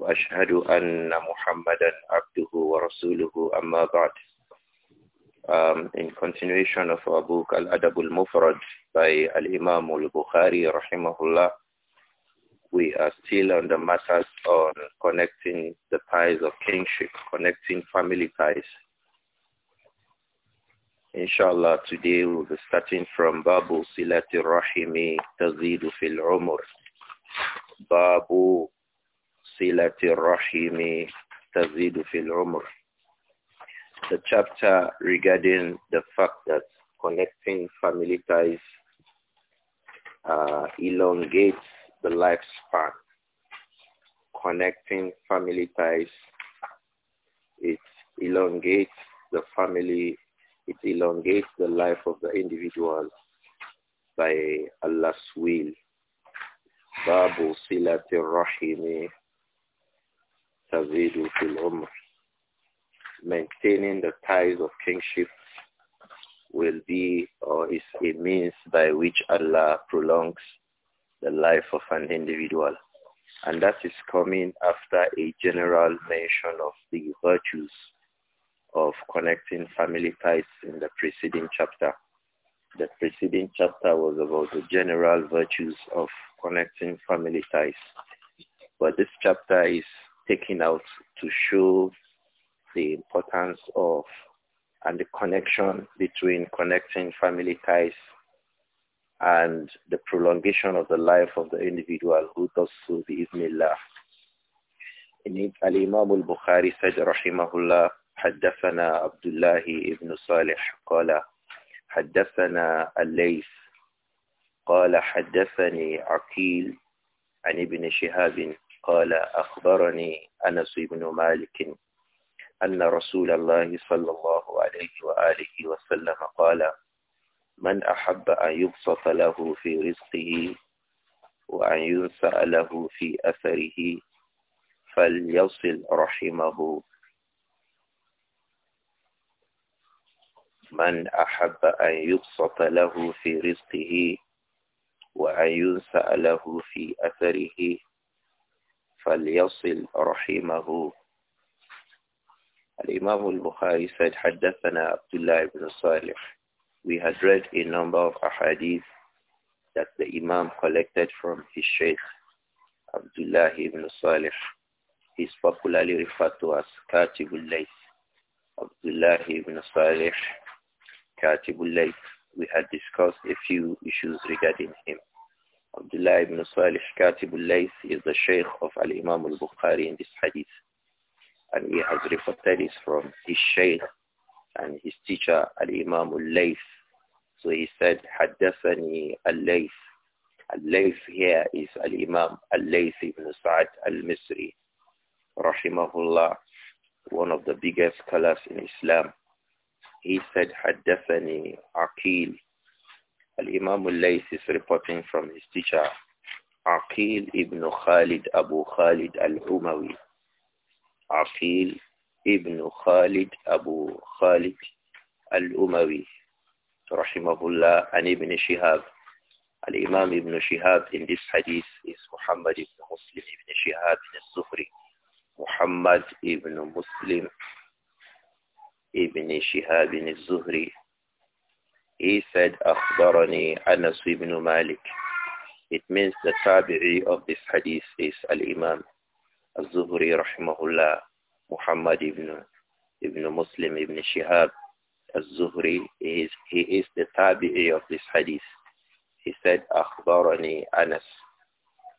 وأشهد أن محمدا عبده ورسوله أما بعد Um, in continuation of our book Al-Adab al-Mufrad by Al-Imam al-Bukhari rahimahullah, we are still on the matters on connecting the ties of kinship, connecting family ties. Inshallah, today we'll be starting from Babu Silati Rahimi Tazidu Fil Umur. Babu صِلَةِ الرَّحِيمِ tazidu fil الْعُمْرِ The chapter regarding the fact that connecting family ties uh, elongates the lifespan. Connecting family ties, it elongates the family, it elongates the life of the individual by Allah's will. باب صلة الرحم Maintaining the ties of kingship will be or is a means by which Allah prolongs the life of an individual. And that is coming after a general mention of the virtues of connecting family ties in the preceding chapter. The preceding chapter was about the general virtues of connecting family ties. But this chapter is Taking out to show the importance of and the connection between connecting family ties and the prolongation of the life of the individual who does so bi-idhnillah. In it, Al-Imam al-Bukhari said, rahimahullah, حدثنا عبد الله بن صالح قال حدثنا الليث قال حدثني عقيل عن ابن شهاب قال أخبرني أنس بن مالك أن رسول الله صلى الله عليه وآله وسلم قال من أحب أن يبسط له في رزقه وأن ينسأ له في أثره فليصل رحمه من أحب أن يبسط له في رزقه وأن ينسأ له في أثره فليصل رحمه الإمام البخاري said حدثنا عبد الله بن صالح we had read a number of ahadith that the Imam collected from his Sheikh Abdullah ibn Salih. He's popularly referred to as Katibul Layth. Abdullah ibn Salih, Katibul Layth. We had discussed a few issues regarding him. Abdullah ibn Salih Katib al-Layth is the Shaykh of Al-Imam al-Bukhari in this hadith. And he has reported this from his Shaykh and his teacher Al-Imam al-Layth. So he said, Haddathani al-Layth. Al-Layth here is Al-Imam al-Layth ibn Sa'd al-Misri. Rahimahullah, one of the biggest scholars in Islam. He said, Haddathani Aqil Al-Imam al-Lays is reporting from his teacher, Aqil ibn Khalid Abu Khalid al-Umawi. Aqil ibn Khalid Abu Khalid al-Umawi. Rahimahullah and Ibn Shihab. Al-Imam Ibn Shihab in this hadith is Muhammad ibn Muslim ibn Shihab ibn Sufri. Muhammad ibn Muslim ibn Shihab ibn Zuhri he said, أخبرني أنس ibn Malik. It means the tabi'i of this hadith is Al-Imam Al-Zuhri rahimahullah Muhammad ibn, ibn Muslim ibn Shihab Al-Zuhri. Is, he is the tabi'i of this hadith. He said, أخبرني أنس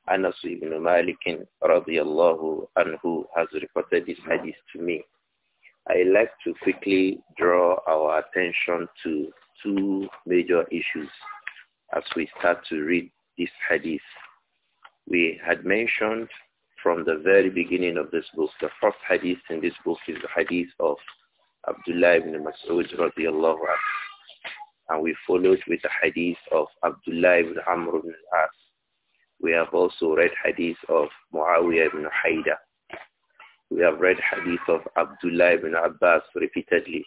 Anas ibn Malik radiyallahu anhu has reported this hadith to me. I like to quickly draw our attention to two major issues as we start to read this hadith. We had mentioned from the very beginning of this book, the first hadith in this book is the hadith of Abdullah ibn Mas'ud radiallahu anhu. And we followed with the hadith of Abdullah ibn Amr ibn al-As. We have also read hadith of Muawiyah ibn Haida. We have read hadith of Abdullah ibn Abbas repeatedly.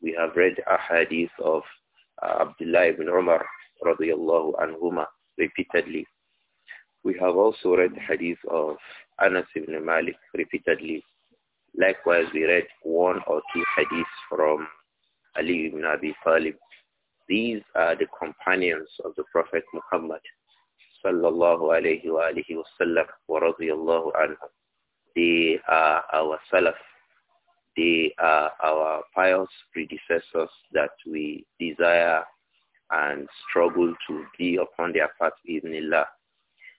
We have read a hadith of uh, Abdullah ibn Umar radiallahu anhuma repeatedly. We have also read the hadith of Anas ibn Malik repeatedly. Likewise, we read one or two hadiths from Ali ibn Abi Talib. These are the companions of the Prophet Muhammad sallallahu alayhi wa alihi wa sallam wa radiyallahu anhu. They are our salaf they are our pious predecessors that we desire and struggle to be upon their path, Allah,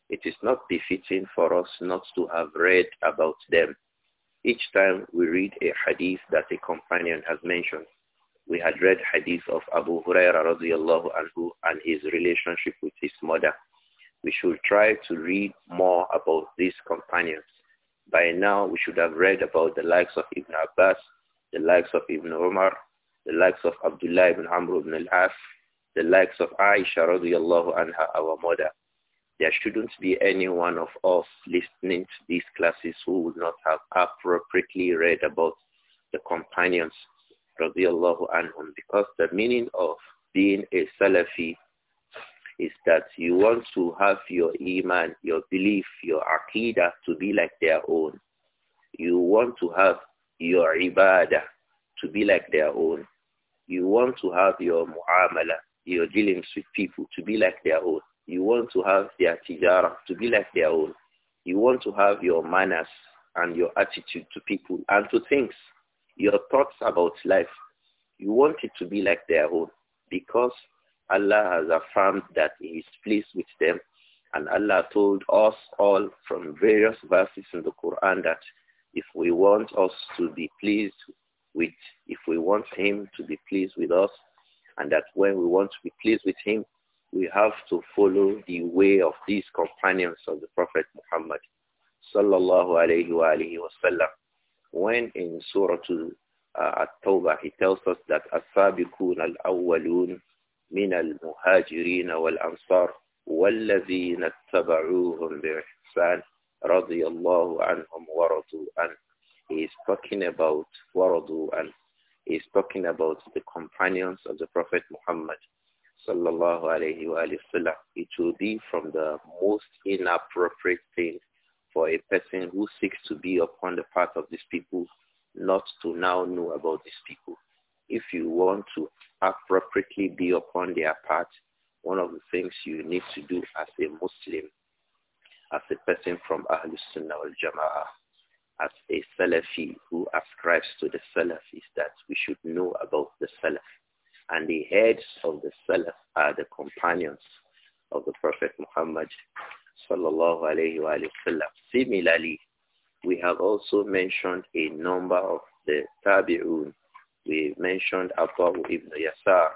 It is not befitting for us not to have read about them. Each time we read a hadith that a companion has mentioned, we had read hadith of Abu Huraira radiallahu anhu and his relationship with his mother. We should try to read more about these companions by now, we should have read about the likes of Ibn Abbas, the likes of Ibn Umar, the likes of Abdullah ibn Amr ibn al-As, the likes of Aisha radiallahu anha, our mother. There shouldn't be any one of us listening to these classes who would not have appropriately read about the companions radiallahu anhum because the meaning of being a Salafi is that you want to have your iman, your belief, your aqidah to be like their own. You want to have your ibadah to be like their own. You want to have your muamala, your dealings with people to be like their own. You want to have their tijara to be like their own. You want to have your manners and your attitude to people and to things, your thoughts about life. You want it to be like their own because Allah has affirmed that he is pleased with them. And Allah told us all from various verses in the Quran that if we want us to be pleased with, if we want him to be pleased with us, and that when we want to be pleased with him, we have to follow the way of these companions of the Prophet Muhammad sallallahu alayhi wa wasallam. When in Surah uh, At-Tawbah, he tells us that as al-awwalun من المهاجرين والأنصار والذين اتبعوهم بإحسان رضي الله عنهم ورضوا عنه He is talking about ورضوا عنه He is talking about the companions of the Prophet Muhammad sallallahu alayhi wa sallam. It will be from the most inappropriate thing for a person who seeks to be upon the path of these people not to now know about these people. If you want to appropriately be upon their part, one of the things you need to do as a Muslim, as a person from Ahlul Sunnah al Jama'ah, as a Salafi who ascribes to the Salaf is that we should know about the Salaf. And the heads of the Salaf are the companions of the Prophet Muhammad sallallahu alayhi wa Similarly, we have also mentioned a number of the Tabi'un we mentioned Abu ibn Yasar,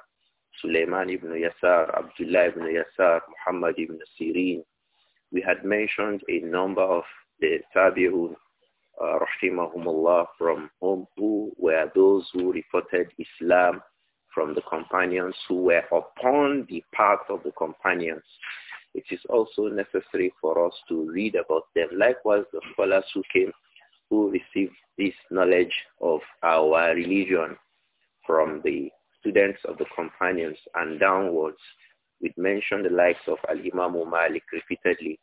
Suleiman ibn Yasar, Abdullah ibn Yasar, Muhammad ibn Sirin. We had mentioned a number of the Tabi'un, uh, rahimahumullah, from whom who were those who reported Islam from the companions who were upon the path of the companions. It is also necessary for us to read about them. Likewise, the scholars who came who received this knowledge of our religion from the students of the companions and downwards. We'd mention the likes of Al-Imam Malik repeatedly.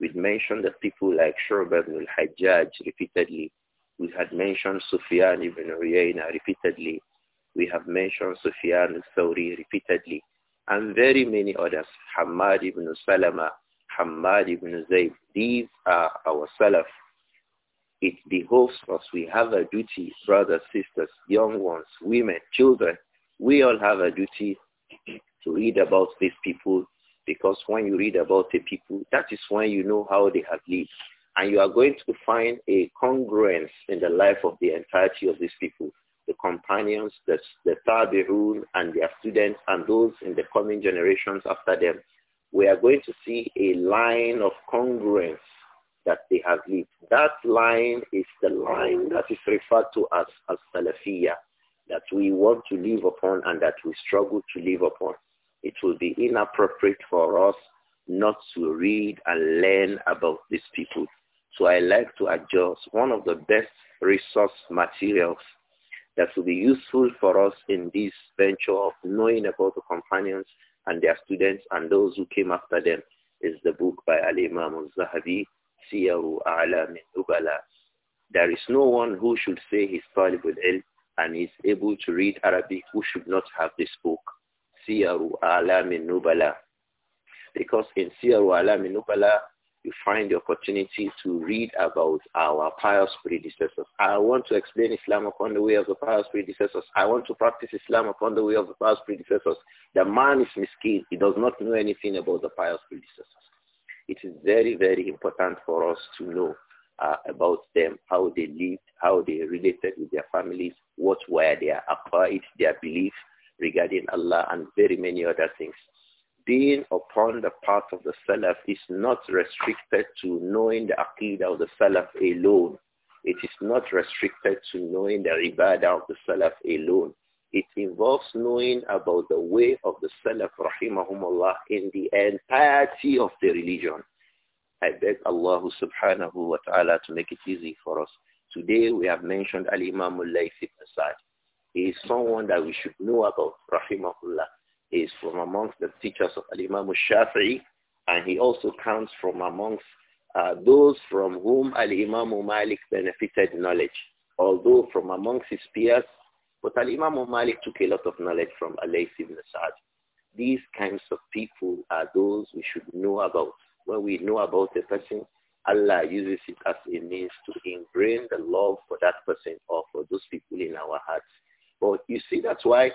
We'd mention the people like Shurba ibn al-Hajjaj repeatedly. We had mentioned Sufyan ibn Uyayna repeatedly. We have mentioned Sufyan al-Thawri repeatedly. And very many others, Hamad ibn Salama, Hamad ibn Zayd. These are our Salaf it behoves us. We have a duty, brothers, sisters, young ones, women, children. We all have a duty to read about these people because when you read about the people, that is when you know how they have lived. And you are going to find a congruence in the life of the entirety of these people, the companions, the, the Tabirun and their students and those in the coming generations after them. We are going to see a line of congruence that they have lived. That line is the line that is referred to as, as Salafiyah, that we want to live upon and that we struggle to live upon. It will be inappropriate for us not to read and learn about these people. So I like to adjust one of the best resource materials that will be useful for us in this venture of knowing about the companions and their students and those who came after them is the book by Ali imam al-Zahabi there is no one who should say he's with ilm and is able to read Arabic who should not have this book. Because in Siyaru Alamin Nubala, you find the opportunity to read about our pious predecessors. I want to explain Islam upon the way of the pious predecessors. I want to practice Islam upon the way of the pious predecessors. The man is miskin. He does not know anything about the pious predecessors it is very, very important for us to know uh, about them, how they lived, how they related with their families, what were their aqaid, their beliefs regarding Allah, and very many other things. Being upon the path of the Salaf is not restricted to knowing the aqidah of the Salaf alone. It is not restricted to knowing the ibadah of the Salaf alone. It involves knowing about the way of the Salaf rahimahumullah in the entirety of the religion. I beg Allah subhanahu wa ta'ala to make it easy for us. Today we have mentioned Al-Imam al-Layth ibn He is someone that we should know about, rahimahullah. He is from amongst the teachers of Al-Imam al-Shafi'i, and he also counts from amongst uh, those from whom Al-Imam Malik benefited knowledge. Although from amongst his peers, but Al-Imam Malik took a lot of knowledge from Alayhi ibn Sa'ad. These kinds of people are those we should know about. When we know about a person, Allah uses it as a means to ingrain the love for that person or for those people in our hearts. But you see, that's why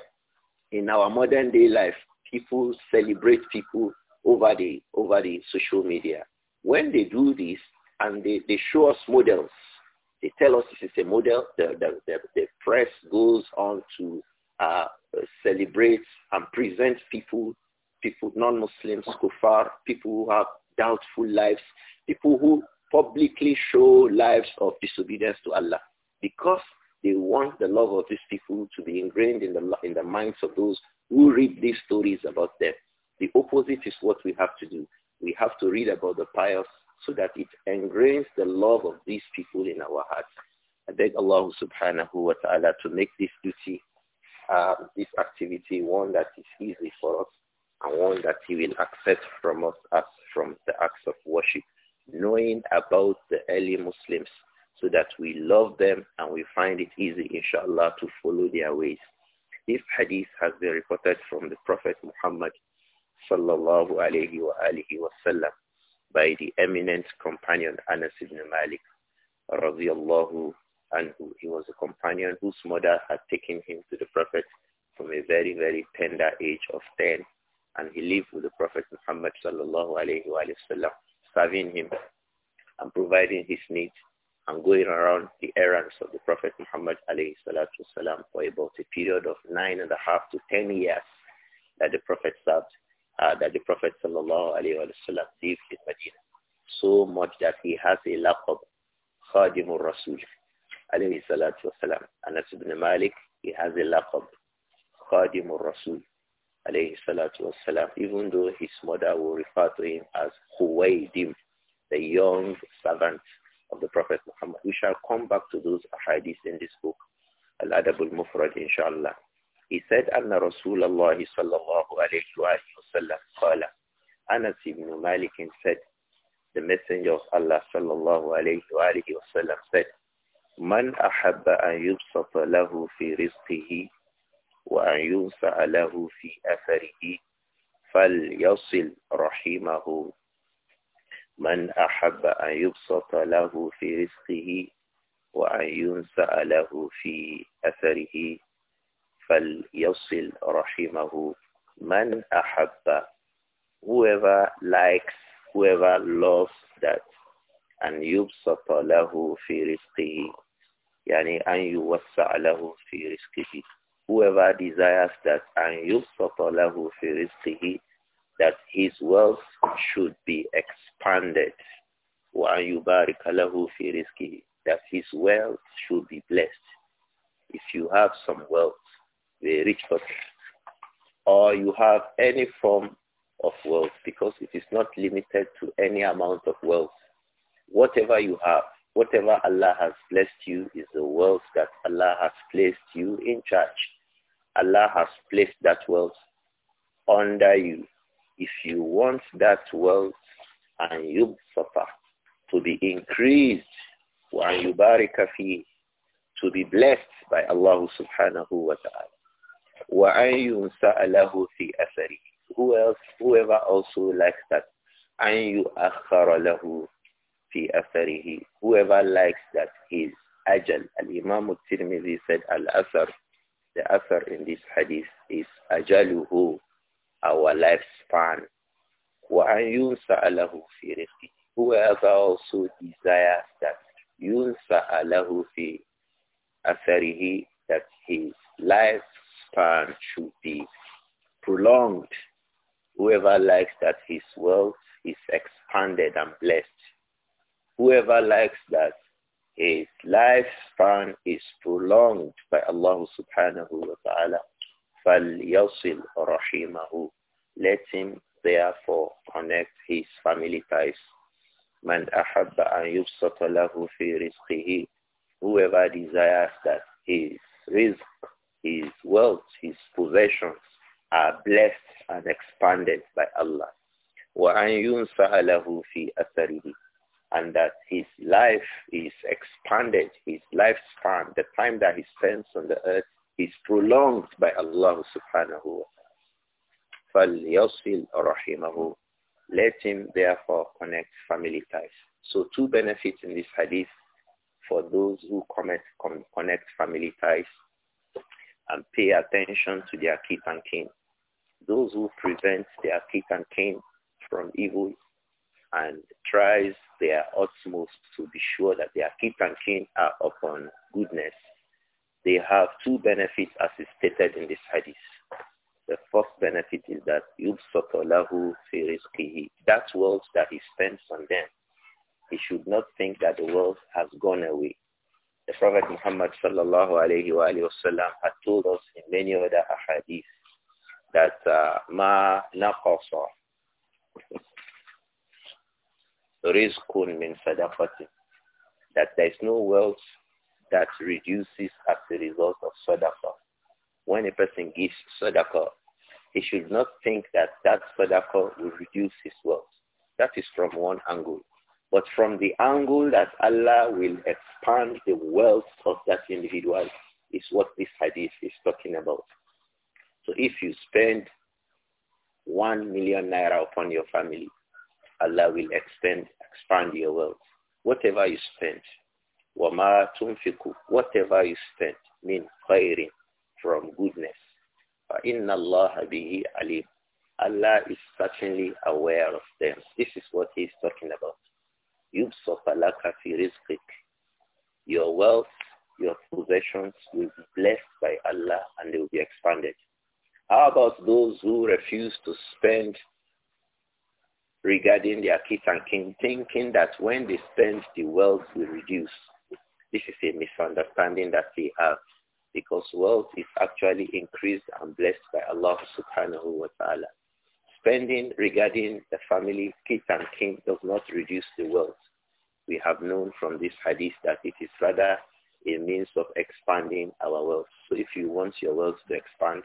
in our modern day life, people celebrate people over the, over the social media. When they do this and they, they show us models, they tell us this is a model. The, the, the, the press goes on to uh, celebrate and present people, people, non-Muslims, kuffar, people who have doubtful lives, people who publicly show lives of disobedience to Allah because they want the love of these people to be ingrained in the, in the minds of those who read these stories about them. The opposite is what we have to do. We have to read about the pious so that it engrains the love of these people in our hearts. I beg Allah subhanahu wa ta'ala to make this duty, uh, this activity, one that is easy for us and one that he will accept from us as from the acts of worship, knowing about the early Muslims so that we love them and we find it easy, inshallah, to follow their ways. This hadith has been reported from the Prophet Muhammad sallallahu alayhi wa alihi wa sallam by the eminent companion Anas ibn Malik radiallahu anhu. He was a companion whose mother had taken him to the Prophet from a very, very tender age of 10 and he lived with the Prophet Muhammad sallallahu alayhi wa sallam, serving him and providing his needs and going around the errands of the Prophet Muhammad alayhi salatu for about a period of nine and a half to ten years that the Prophet served uh, that the Prophet wasallam lived in Medina. So much that he has a laqab, Khadimur Rasul alayhi salatu wasalam. Anas ibn Malik, he has a laqab, Khadimur Rasul alayhi salatu wasalam, even though his mother will refer to him as Huwaydim, the young servant of the Prophet Muhammad. We shall come back to those hadiths in this book, Al-Adab al-Mufrad, inshallah. He said, أن رسول الله صلى الله عليه وسلم قال أنس بن مالك said, the messenger of Allah صلى الله عليه وآله وسلم said, من أحب أن يبسط له في رزقه وأن ينسع له في أثره فليصل رحمه من أحب أن يبسط له في رزقه وأن ينسع له في أثره فليصل رحمه Man ahabba, whoever likes, whoever loves that, and yubsata lahu fi rizqihi, yani an yuwassa'a lahu fi rizqihi. Whoever desires that, an yubsata lahu fi rizqihi, that his wealth should be expanded. وَأَنْ يُبَارِكَ لَهُ فِي رِزْقِهِ That his wealth should be blessed. If you have some wealth, the rich person, or you have any form of wealth because it is not limited to any amount of wealth. Whatever you have, whatever Allah has blessed you is the wealth that Allah has placed you in charge. Allah has placed that wealth under you. If you want that wealth and you suffer to be increased, وَأَنْ يُبَارِكَ to be blessed by Allah subhanahu wa ta'ala. Who else, whoever also likes that, أَنْ يُؤَخَّرَ لَهُ فِي أَثَرِهِ Whoever likes that his ajal. Al-Imam al-Tirmidhi said al-asar. The asar in this hadith is ajaluhu, our lifespan. وَأَنْ يُنْسَأَ Whoever also desires that يُنْسَأَ لَهُ فِي أَثَرِهِ that his life span should be prolonged. Whoever likes that his wealth is expanded and blessed. Whoever likes that his lifespan is prolonged by Allah subhanahu wa ta'ala. فَلْيَصِلْ رَحِيمَهُ Let him therefore connect his family ties. Man أَحَبَّ أَنْ يُبْسَطَ لَهُ فِي رِزْقِهِ Whoever desires that his risk his wealth, his possessions are blessed and expanded by Allah. and that his life is expanded, his lifespan, the time that he spends on the earth is prolonged by Allah subhanahu wa ta'ala. Let him therefore connect family ties. So two benefits in this hadith for those who connect family ties and pay attention to their kith and kin. Those who prevent their kith and kin from evil and tries their utmost to be sure that their kith and kin are upon goodness. They have two benefits as is stated in this hadith. The first benefit is that yubsatolahu firizkihi. That wealth that he spends on them, he should not think that the wealth has gone away. Prophet Muhammad sallallahu alayhi wa sallam had told us in many other hadith that uh, ma naqasa rizqun min sadaqatin that there is no wealth that reduces as a result of sadaqah. When a person gives sadaqah, he should not think that that sadaqah will reduce his wealth. That is from one angle but from the angle that Allah will expand the wealth of that individual is what this hadith is talking about. So if you spend one million naira upon your family, Allah will expand, expand your wealth. Whatever you spend, wama tunfiku, whatever you spend, mean khairin, from goodness. فَإِنَّ اللَّهَ بِهِ عَلِيمٌ Allah is certainly aware of them. This is what he is talking about. Your wealth, your possessions will be blessed by Allah and they will be expanded. How about those who refuse to spend regarding their kids and kin, thinking that when they spend, the wealth will reduce? This is a misunderstanding that they have because wealth is actually increased and blessed by Allah subhanahu wa ta'ala. Spending regarding the family, kids and kin does not reduce the wealth. We have known from this hadith that it is rather a means of expanding our wealth. So if you want your wealth to expand,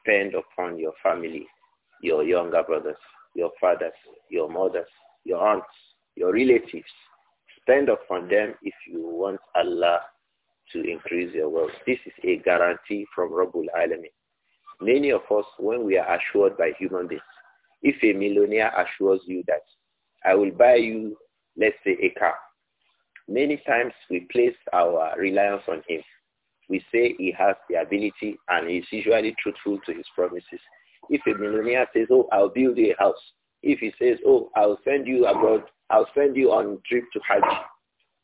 spend upon your family, your younger brothers, your fathers, your mothers, your aunts, your relatives. Spend upon them if you want Allah to increase your wealth. This is a guarantee from Rabbul Alamin. Many of us, when we are assured by human beings, if a millionaire assures you that I will buy you, let's say, a car, many times we place our reliance on him. We say he has the ability and he's usually truthful to his promises. If a millionaire says, oh, I'll build a house. If he says, oh, I'll send you abroad, I'll send you on trip to Hajj.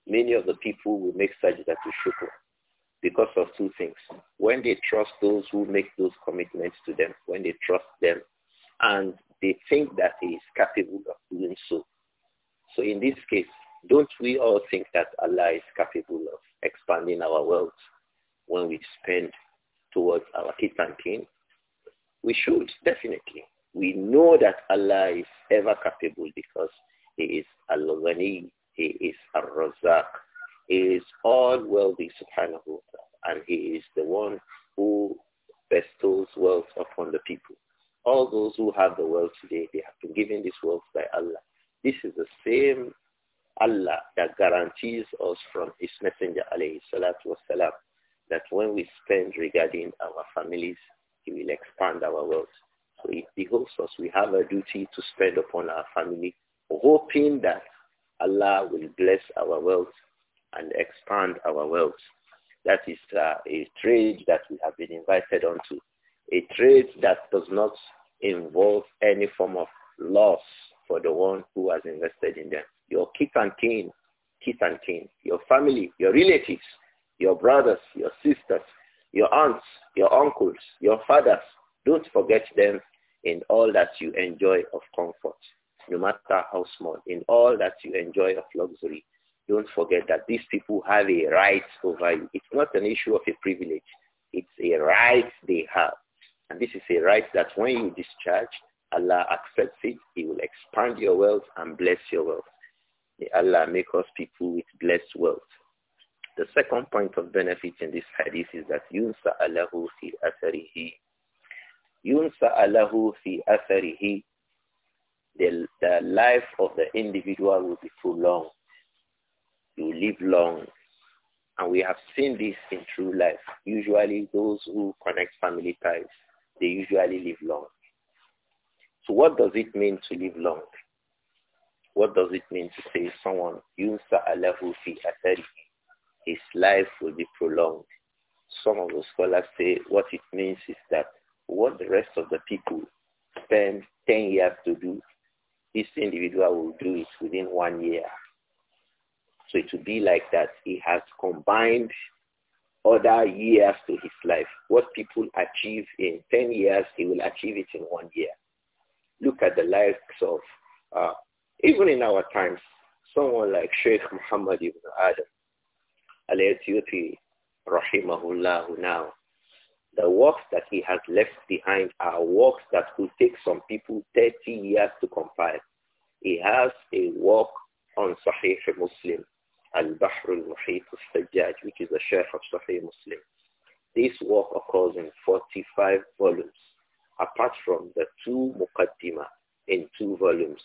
Many of the people will make such that to shukr because of two things. When they trust those who make those commitments to them, when they trust them, and they think that he is capable of doing so. So in this case, don't we all think that Allah is capable of expanding our wealth when we spend towards our kids and kin? We should, definitely. We know that Allah is ever capable because he is Al-Ghani, he is Al-Razak, is all wealthy, subhanahu wa ta'ala, and he is the one who bestows wealth upon the people. All those who have the wealth today, they have been given this wealth by Allah. This is the same Allah that guarantees us from his messenger, alayhi salatu wasalam, that when we spend regarding our families, he will expand our wealth. So it behoves us, we have a duty to spend upon our family, hoping that Allah will bless our wealth and expand our wealth. That is uh, a trade that we have been invited onto, a trade that does not involve any form of loss for the one who has invested in them. Your kith and kin, kith and kin, your family, your relatives, your brothers, your sisters, your aunts, your uncles, your fathers, don't forget them in all that you enjoy of comfort, no matter how small, in all that you enjoy of luxury, don't forget that these people have a right over you. It's not an issue of a privilege. It's a right they have. And this is a right that when you discharge, Allah accepts it. He will expand your wealth and bless your wealth. May Allah make us people with blessed wealth. The second point of benefit in this hadith is that yunsa Allahu fi atharihi. Yunsa Allahu fi atharihi. The, the life of the individual will be prolonged you live long. And we have seen this in true life. Usually those who connect family ties, they usually live long. So what does it mean to live long? What does it mean to say someone, Yunsa Alahu fi atari, his life will be prolonged? Some of the scholars say what it means is that what the rest of the people spend 10 years to do, this individual will do it within one year so it will be like that. He has combined other years to his life. What people achieve in 10 years, he will achieve it in one year. Look at the likes of, uh, even in our times, someone like Sheikh Muhammad ibn Adam, al-Ethiopi, rahimahullah now. The works that he has left behind are works that will take some people 30 years to compile. He has a work on Sahih Muslim Al-Bahr al-Muhit al-Sajjaj, which is the Sheikh of Sahih Muslim. This work occurs in 45 volumes, apart from the two Mukatima in two volumes.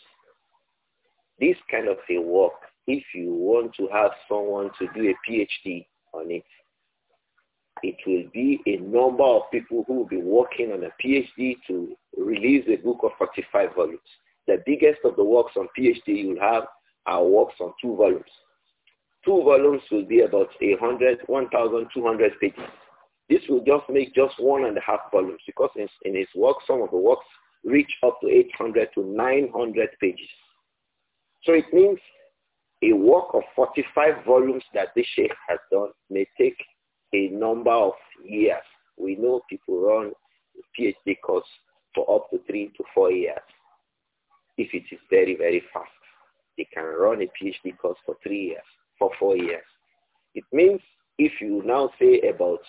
This kind of a work, if you want to have someone to do a PhD on it, it will be a number of people who will be working on a PhD to release a book of 45 volumes. The biggest of the works on PhD you'll have are works on two volumes. Two volumes will be about 100, 1,200 pages. This will just make just one and a half volumes because in, in his work, some of the works reach up to 800 to 900 pages. So it means a work of 45 volumes that this sheikh has done may take a number of years. We know people run a PhD course for up to three to four years. If it is very, very fast, they can run a PhD course for three years for four years. It means if you now say about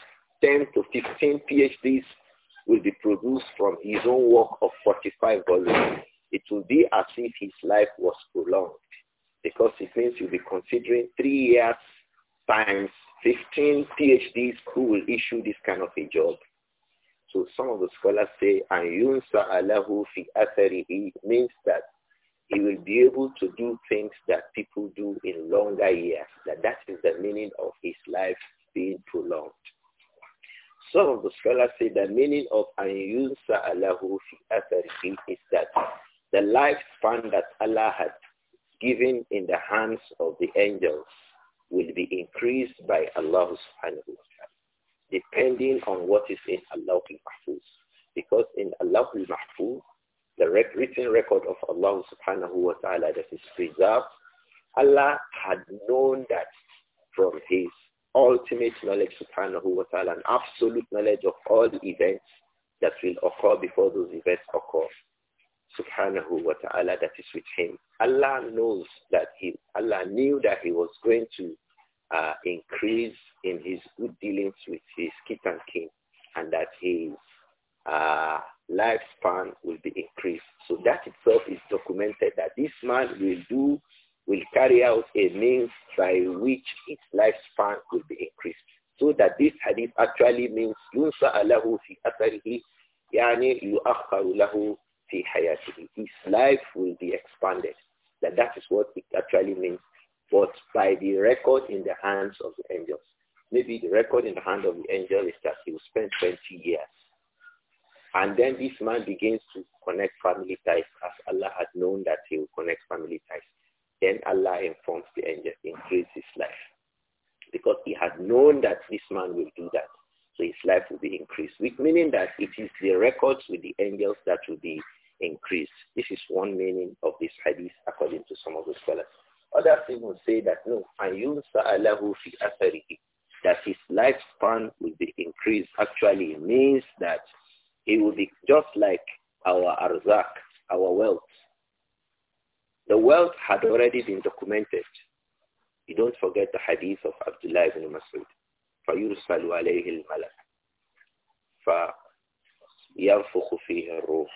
10 to 15 PhDs will be produced from his own work of 45 volumes, it will be as if his life was prolonged because it means you'll be considering three years times 15 PhDs who will issue this kind of a job. So some of the scholars say, and yunsa alahu fi atharihi means that he will be able to do things that people do in longer years. That that is the meaning of his life being prolonged. Some of the scholars say the meaning of Anyunsa Allahu fi atharihi is that the lifespan that Allah had given in the hands of the angels will be increased by Allah subhanahu wa ta'ala, depending on what is in Allah al-Mahfuz. Because in Allah al-Mahfuz, the written record of Allah subhanahu wa ta'ala that is preserved, Allah had known that from his ultimate knowledge subhanahu wa ta'ala an absolute knowledge of all events that will occur before those events occur subhanahu wa ta'ala that is with him. Allah knows that he, Allah knew that he was going to uh, increase in his good dealings with his kith and and that his uh, lifespan will be increased. So that itself is documented that this man will do, will carry out a means by which its lifespan will be increased. So that this hadith actually means yunsa أَلَهُ fi أَثَرِهِ yani يُؤَخَّرُ لَهُ فِي حَيَاتِهِ His life will be expanded. That that is what it actually means. But by the record in the hands of the angels. Maybe the record in the hand of the angel is that he will spend 20 years and then this man begins to connect family ties as Allah had known that he will connect family ties. Then Allah informs the angel, increase his life. Because he had known that this man will do that. So his life will be increased, which meaning that it is the records with the angels that will be increased. This is one meaning of this hadith according to some of the scholars. Others even say that no, ayun sa'alahu fi atharihi, that his lifespan will be increased actually means that it will be just like our arzak, our wealth. The wealth had already been documented. You don't forget the hadith of Abdullah ibn Masud. فَيُرْسَلُ عَلَيْهِ الْمَلَكُ فَيَنْفُخُ فِيهِ الرُّوحُ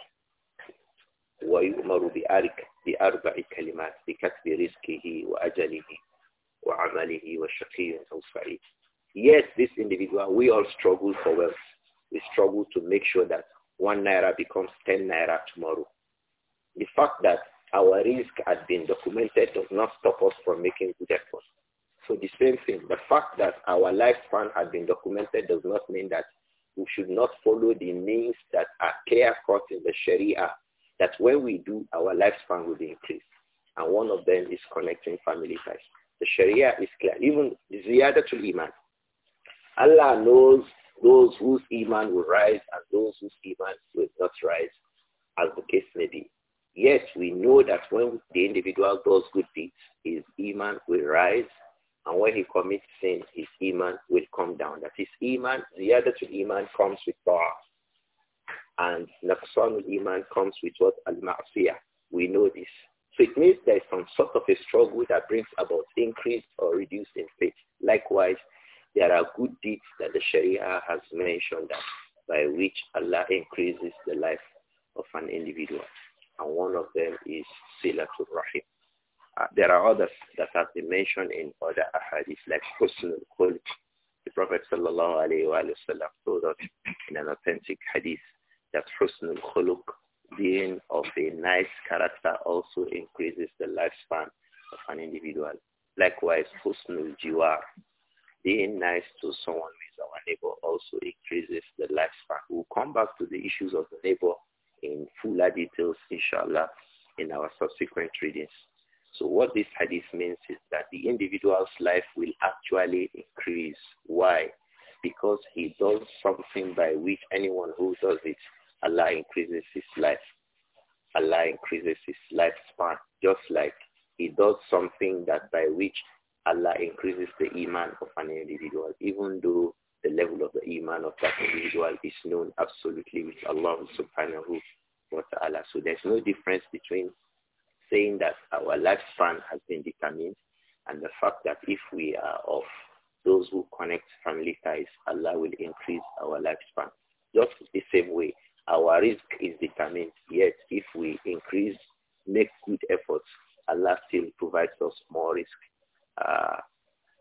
وَيُؤْمَرُ بأرك بأربع كلمات بكتب رزقه وأجله وعمله وشقي أو Yes, this individual, we all struggle for wealth we struggle to make sure that one naira becomes 10 naira tomorrow. The fact that our risk has been documented does not stop us from making good efforts. So the same thing, the fact that our lifespan has been documented does not mean that we should not follow the means that are clear cut in the Sharia, that when we do, our lifespan will be increased. And one of them is connecting family ties. The Sharia is clear. Even the Ziyadatul Iman. Allah knows those whose iman will rise and those whose iman will not rise, as the case may be. Yes, we know that when the individual does good deeds, his iman will rise, and when he commits sin, his iman will come down. That his iman, the other to iman comes with power, and naqsanul iman comes with what al-ma'siyah. We know this. So it means there is some sort of a struggle that brings about increase or reduce in faith. Likewise, there are good deeds that the Sharia has mentioned that by which Allah increases the life of an individual. And one of them is Silatul Rahim. Uh, there are others that have been mentioned in other ahadith like personal quality. The Prophet sallallahu alayhi wa sallam told us in an authentic hadith that husnul al being of a nice character also increases the lifespan of an individual. Likewise, Husnul Jiwar, being nice to someone who is our neighbor also increases the lifespan. We'll come back to the issues of the neighbor in fuller details, inshallah, in our subsequent readings. So what this hadith means is that the individual's life will actually increase. Why? Because he does something by which anyone who does it, Allah increases his life. Allah increases his lifespan, just like he does something that by which Allah increases the iman of an individual, even though the level of the iman of that individual is known absolutely with Allah subhanahu wa ta'ala. So there's no difference between saying that our lifespan has been determined and the fact that if we are of those who connect family ties, Allah will increase our lifespan. Just the same way, our risk is determined, yet if we increase, make good efforts, Allah still provides us more risk uh,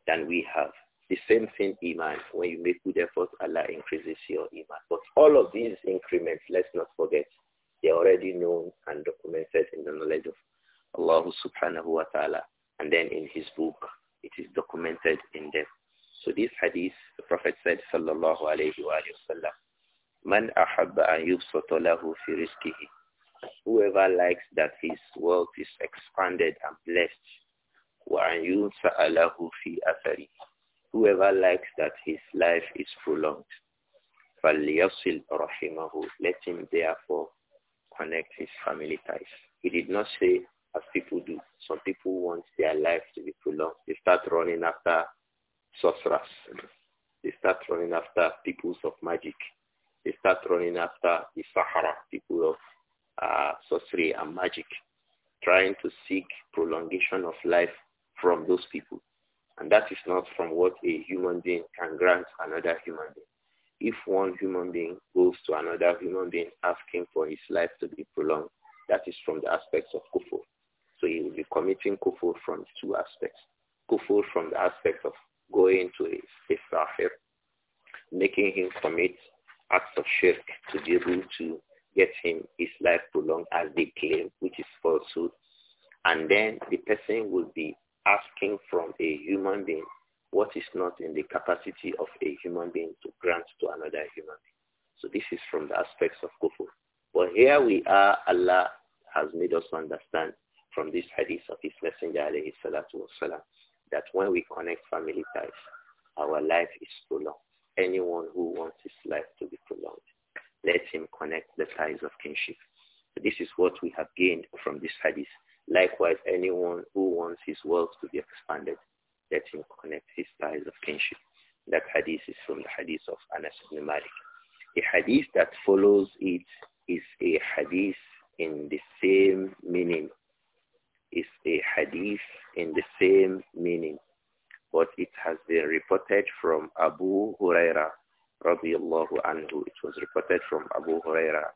than we have. The same thing, Iman. When you make good efforts, Allah increases your Iman. But all of these increments, let's not forget, they're already known and documented in the knowledge of Allah subhanahu wa ta'ala. And then in his book, it is documented in depth. So this hadith, the Prophet said, sallallahu alayhi wa sallam, Man ahabba an lahu fi rizkihi. Whoever likes that his wealth is expanded and blessed, Whoever likes that his life is prolonged, Let him therefore connect his family ties. He did not say, as people do, some people want their life to be prolonged. They start running after sorcerers. They start running after peoples of magic. They start running after the Sahara, people of uh, sorcery and magic, trying to seek prolongation of life from those people. And that is not from what a human being can grant another human being. If one human being goes to another human being asking for his life to be prolonged, that is from the aspects of kufur. So he will be committing kufur from two aspects. Kufur from the aspect of going to a, a sahir, making him commit acts of shirk to be able to get him his life prolonged as they claim, which is falsehood. And then the person will be asking from a human being what is not in the capacity of a human being to grant to another human being. So this is from the aspects of kufr. But here we are, Allah has made us understand from this hadith of his messenger alayhi salatu wasalam, that when we connect family ties, our life is prolonged. Anyone who wants his life to be prolonged, let him connect the ties of kinship. this is what we have gained from this hadith. Likewise, anyone who wants his wealth to be expanded, let him connect his ties of kinship. That hadith is from the hadith of Anas ibn Malik. The hadith that follows it is a hadith in the same meaning. Is a hadith in the same meaning. But it has been reported from Abu Huraira, radiallahu anhu. It was reported from Abu Huraira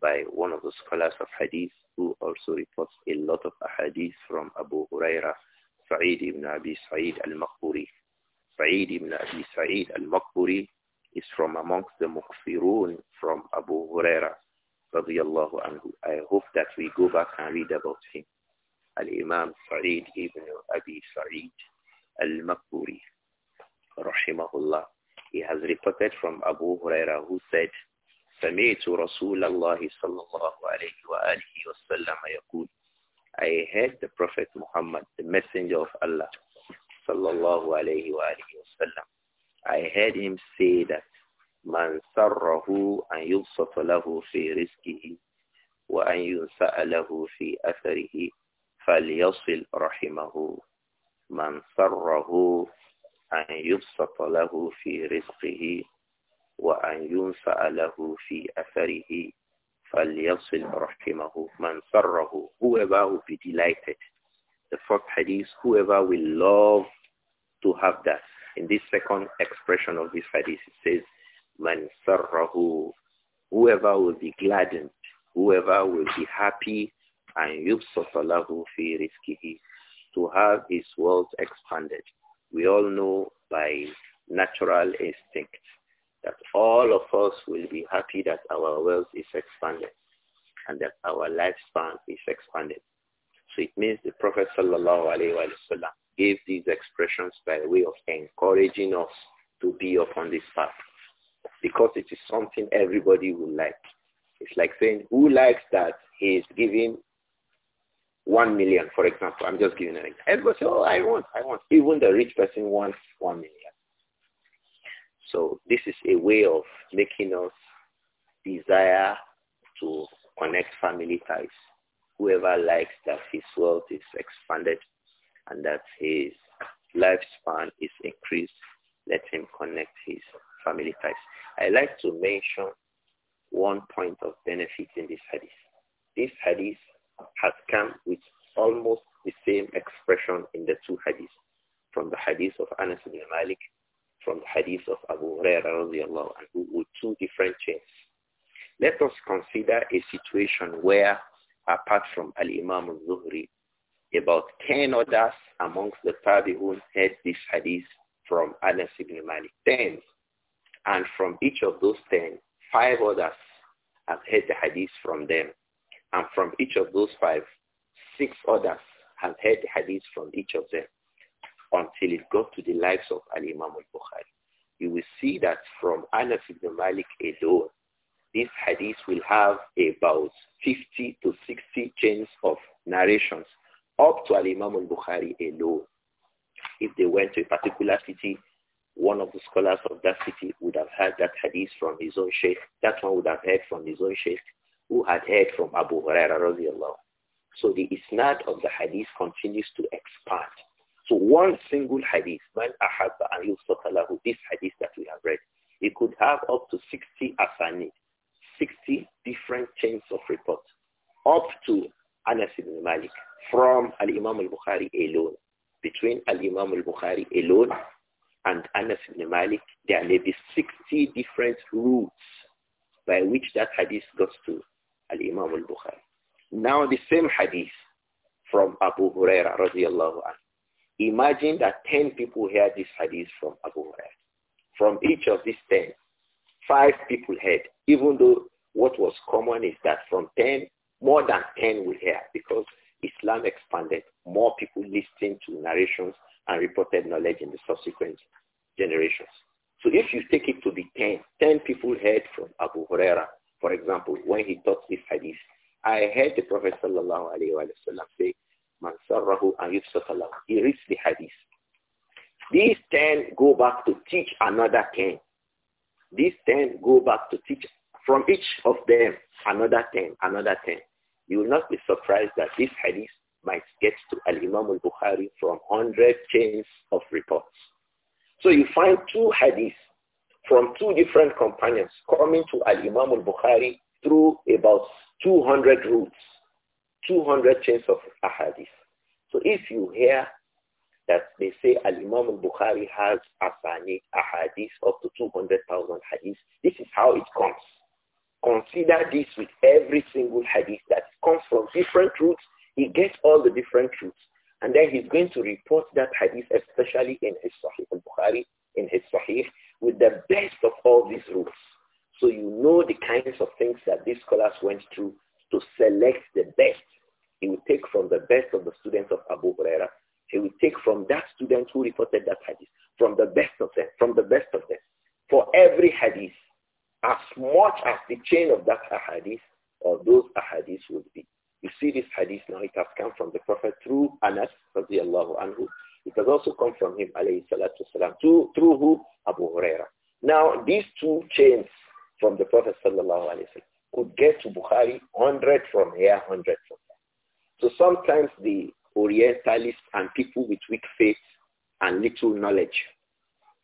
by one of the scholars of hadith who also reports a lot of hadith from Abu Huraira, Sa'id ibn Abi Sa'id al-Maqburi. Sa'id ibn Abi Sa'id al-Maqburi is from amongst the Muqfirun from Abu Huraira, radiyallahu anhu. I hope that we go back and read about him. Al-Imam Sa'id ibn Abi Sa'id al-Maqburi, rahimahullah. He has reported from Abu Huraira who said, سمعت رسول الله صلى الله عليه وآله وسلم يقول I heard the Prophet Muhammad, the messenger of Allah صلى الله عليه وآله وسلم I heard him say that من سره أن يبسط له في رزقه وأن ينسأ له في أثره فليصل رحمه من سره أن يبسط له في رزقه وأن ينفع له في أثره فليصل رحمه من سره whoever will be delighted the fourth hadith whoever will love to have that in this second expression of this hadith it says man whoever will be gladdened whoever will be happy and لَهُ فِي rizkihi to have his wealth expanded we all know by natural instinct that all of us will be happy that our wealth is expanded and that our lifespan is expanded. So it means the Prophet wasallam gave these expressions by way of encouraging us to be upon this path because it is something everybody would like. It's like saying, who likes that he is giving one million, for example? I'm just giving an example. Everybody says, oh, I want, I want. Even the rich person wants one million. So this is a way of making us desire to connect family ties. Whoever likes that his wealth is expanded and that his lifespan is increased, let him connect his family ties. I like to mention one point of benefit in this hadith. This hadith has come with almost the same expression in the two hadiths from the hadith of Anas ibn Malik from the hadith of Abu Hurairah anhu with two different chains. Let us consider a situation where, apart from Al-Imam al-Zuhri, about 10 others amongst the Tabi'un had this hadith from Anas ibn Malik. 10. And from each of those 10, five others have had the hadith from them. And from each of those five, six others have had the hadith from each of them until it got to the lives of Ali imam al-Bukhari. You will see that from Anas ibn Malik alone, this hadith will have about 50 to 60 chains of narrations up to Ali imam al-Bukhari alone. If they went to a particular city, one of the scholars of that city would have heard that hadith from his own sheikh. That one would have heard from his own sheikh who had heard from Abu Hurairah radiallahu. So the isnad of the hadith continues to expand. So one single hadith, man ahabba an yusfatalahu, this hadith that we have read, it could have up to 60 asani, 60 different chains of reports, up to Anas ibn Malik, from Al-Imam al-Bukhari alone. Between Al-Imam al-Bukhari alone and Anas ibn Malik, there may be 60 different routes by which that hadith goes to Al-Imam al-Bukhari. Now the same hadith from Abu Huraira radiallahu anhu Imagine that 10 people heard this hadith from Abu Hurairah. From each of these 10, five people heard, even though what was common is that from 10, more than 10 will hear because Islam expanded. More people listened to narrations and reported knowledge in the subsequent generations. So if you take it to be 10, 10 people heard from Abu Huraira, for example, when he taught this hadith, I heard the Prophet sallallahu alayhi wa sallam say, Mansarrahu and He reads the hadith. These ten go back to teach another ten. These ten go back to teach from each of them another ten, another ten. You will not be surprised that this hadith might get to Al-Imam al-Bukhari from 100 chains of reports. So you find two hadiths from two different companions coming to Al-Imam al-Bukhari through about 200 routes. 200 chains of ahadith. So if you hear that they say Al-Imam al-Bukhari has asanid ahadith up to 200,000 hadith, this is how it comes. Consider this with every single hadith that comes from different routes. He gets all the different routes. And then he's going to report that hadith, especially in his Sahih al-Bukhari, in his Sahih, with the best of all these routes. So you know the kinds of things that these scholars went through to select the best he will take from the best of the students of Abu Huraira. He will take from that student who reported that hadith, from the best of them, from the best of them. For every hadith, as much as the chain of that hadith or those hadiths would be. You see this hadith now, it has come from the Prophet through Anas, radiallahu anhu. It has also come from him, alayhi salatu salam) through, through who? Abu Huraira. Now, these two chains from the Prophet, sallallahu alayhi wasallam, could get to Bukhari 100 from here, 100 from so sometimes the Orientalists and people with weak faith and little knowledge,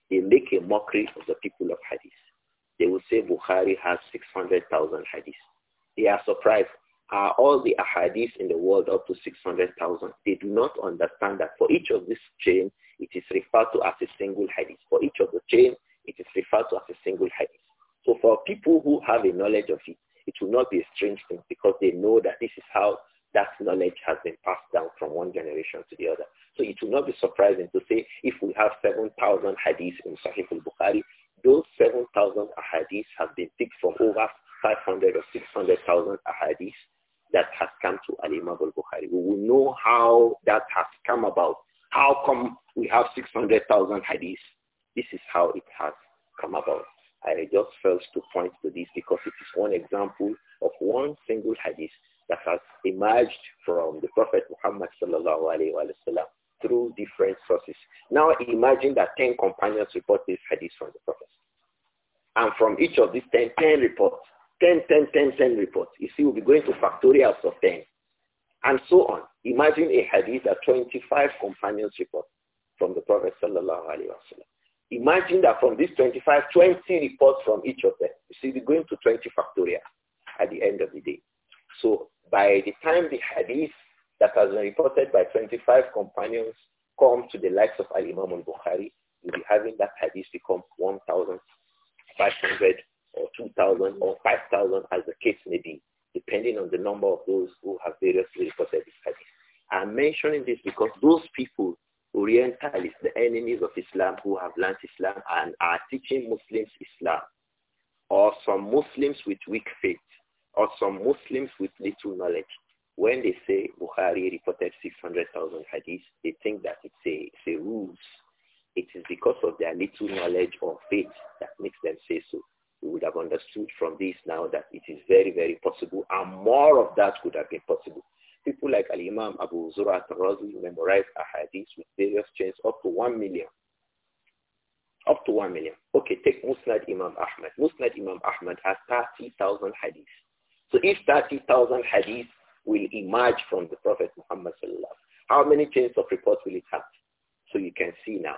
they make a mockery of the people of Hadith. They will say Bukhari has 600,000 Hadith. They are surprised. Are all the Ahadith in the world up to 600,000? They do not understand that for each of this chain, it is referred to as a single Hadith. For each of the chain, it is referred to as a single Hadith. So for people who have a knowledge of it, it will not be a strange thing because they know that this is how that knowledge has been passed down from one generation to the other. So it will not be surprising to say if we have 7,000 hadiths in Sahih al-Bukhari, those 7,000 hadiths have been picked from over 500 or 600,000 hadiths that has come to Al-Imam al-Bukhari. We will know how that has come about. How come we have 600,000 hadiths? This is how it has come about. I just felt to point to this because it is one example of one single hadith that has emerged from the Prophet Muhammad sallallahu alayhi wa sallam through different sources. Now imagine that 10 companions report this hadith from the Prophet. And from each of these 10, 10 reports, 10, 10, 10, 10 reports. You see, we'll be going to factorials of 10. And so on. Imagine a hadith that 25 companions report from the Prophet sallallahu alayhi wa sallam. Imagine that from these 25, 20 reports from each of them. You see, we're going to 20 factorial at the end of the day. So by the time the hadith that has been reported by 25 companions come to the likes of Al-Imam al-Bukhari, you'll be having that hadith become 1,500 or 2,000 or 5,000 as the case may be, depending on the number of those who have variously reported this hadith. I'm mentioning this because those people, Orientalists, the enemies of Islam who have learned Islam and are teaching Muslims Islam, or some Muslims with weak faith, or some Muslims with little knowledge, when they say Bukhari reported 600,000 hadiths, they think that it's a, it's a ruse. It is because of their little knowledge or faith that makes them say so. We would have understood from this now that it is very, very possible, and more of that could have been possible. People like Al-Imam Abu Zura al-Razi memorized hadith with various chains up to 1 million up to 1 million. Okay, take Musnad Imam Ahmad. Musnad Imam Ahmad has 30,000 hadiths. So if 30,000 hadith will emerge from the Prophet Muhammad sallallahu how many chains of reports will it have? So you can see now.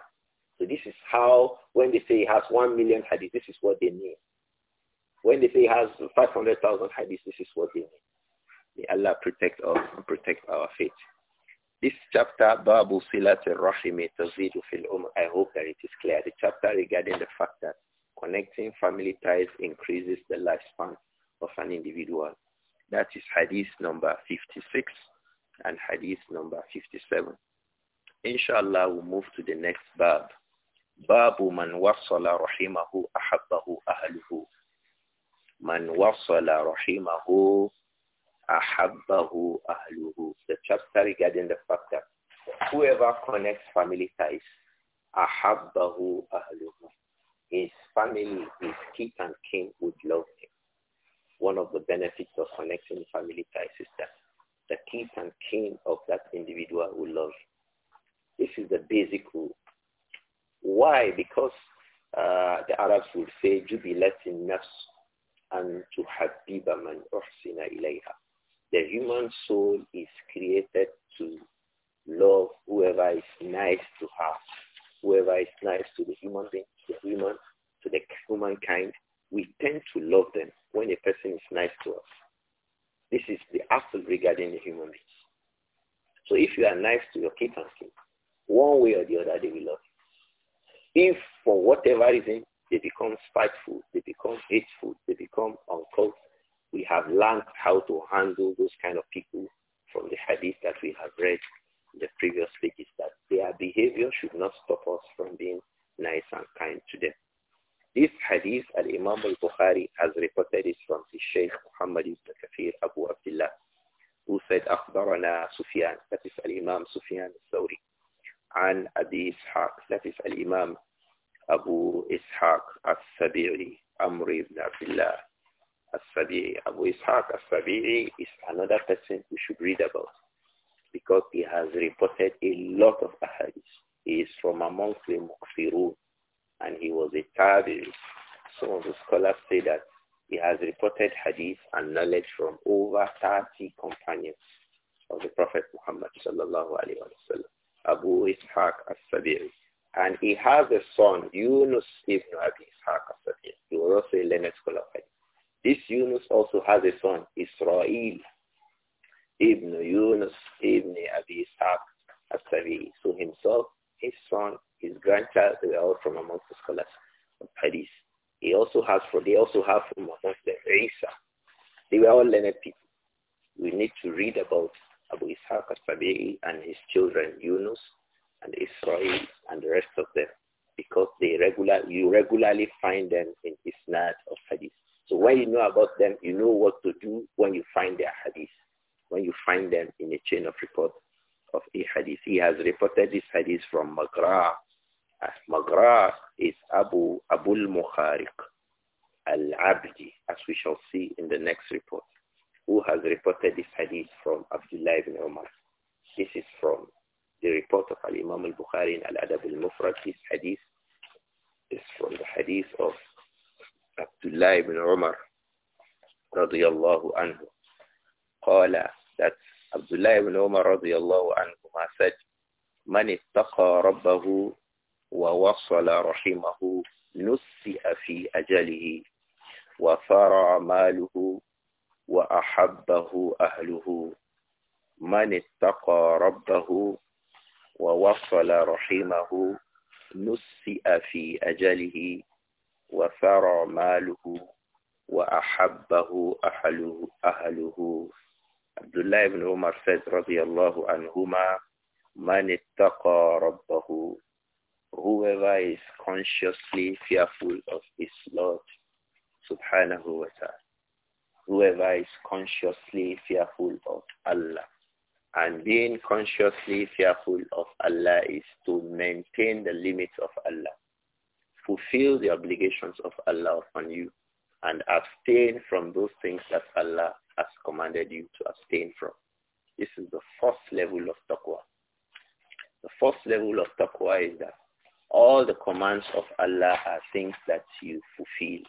So this is how, when they say he has 1 million hadith, this is what they mean. When they say he has 500,000 hadith, this is what they mean. May Allah protect us and protect our faith. This chapter, Babu Silat al Tazidu fil Umr, I hope that it is clear. The chapter regarding the fact that connecting family ties increases the lifespan an individual. That is hadith number 56 and hadith number 57. Inshallah, we'll move to the next bab. Babu man wasala rahimahu ahabbahu ahluhu. Man wasala rahimahu ahabbahu ahluhu. The chapter regarding the fact that whoever connects family ties, ahabbahu ahluhu. His family, is kith and kin, connecting family ties is that the king and king of that individual who loves. This is the basic rule. Why? Because uh, the Arabs would say, jubilatin nafs and tuhabbiba man uhsina ilayha. The human soul is created to love whoever is nice to her, whoever is nice to the human being, to the human, to the humankind. We tend to love them when a person is nice to us this is the apple regarding the human beings. So if you are nice to your kids and kids, one way or the other they will love you. If for whatever reason they become spiteful, they become hateful, they become uncouth, we have learned how to handle those kind of people from the hadith that we have read in the previous pages that their behavior should not stop us from being nice and kind to them. This hadith, Al-Imam al-Bukhari has reported it from his Shaykh Muhammad ibn Kafir Abu Abdullah, who said, أخبرنا سفيان, that is Al-Imam Sufyan al-Thawri, عن أبي إسحاق, that is Al-Imam Abu Ishaq al-Sabiri, Amr ibn Abdullah al-Sabiri. Abu Ishaq al-Sabiri is another person we should read about because he has reported a lot of ahadith. He is from amongst the Muqfirun and he was a tabi'i. Some of the scholars say that he has reported hadith and knowledge from over 30 companions of the Prophet Muhammad sallallahu alaihi wasallam, Abu Ishaq as-Sabiri. And he has a son, Yunus ibn Abi Ishaq as-Sabiri. He was also a learned scholar of hadith. This Yunus also has a son, Israel ibn Yunus ibn Abi Ishaq as-Sabiri. So himself, his son, his grandchild, they were all from amongst the scholars of Hadith. He also has they also have from amongst the Isa. They were all learned people. We need to read about Abu Ishaq al-Sabi'i and his children Yunus and Israel and the rest of them because they regular you regularly find them in Isnad of Hadith. So when you know about them, you know what to do when you find their Hadith, when you find them in a chain of report of a Hadith. He has reported this Hadith from Maghra. Magra is Abu Abul Muharik Al-Abdi, as we shall see in the next report, who has reported this hadith from Abdullah ibn Umar. This is from the report of Al-Imam Al-Bukhari in Al-Adab Al-Mufrad. This hadith is from the hadith of Abdullah ibn Umar radiyallahu anhu. Qala, that Abdullah ibn Umar radiyallahu anhu said, من اتقى ربه ووصل رحمه نسئ في أجله وثرى ماله وأحبه أهله من اتقى ربه ووصل رحمه نسئ في أجله وثرى ماله وأحبه أهله, أهله عبد الله بن عمر سيد رضي الله عنهما من اتقى ربه whoever is consciously fearful of his Lord subhanahu wa ta'ala, whoever is consciously fearful of Allah. And being consciously fearful of Allah is to maintain the limits of Allah, fulfill the obligations of Allah upon you, and abstain from those things that Allah has commanded you to abstain from. This is the first level of taqwa. The first level of taqwa is that all the commands of Allah are things that you fulfill.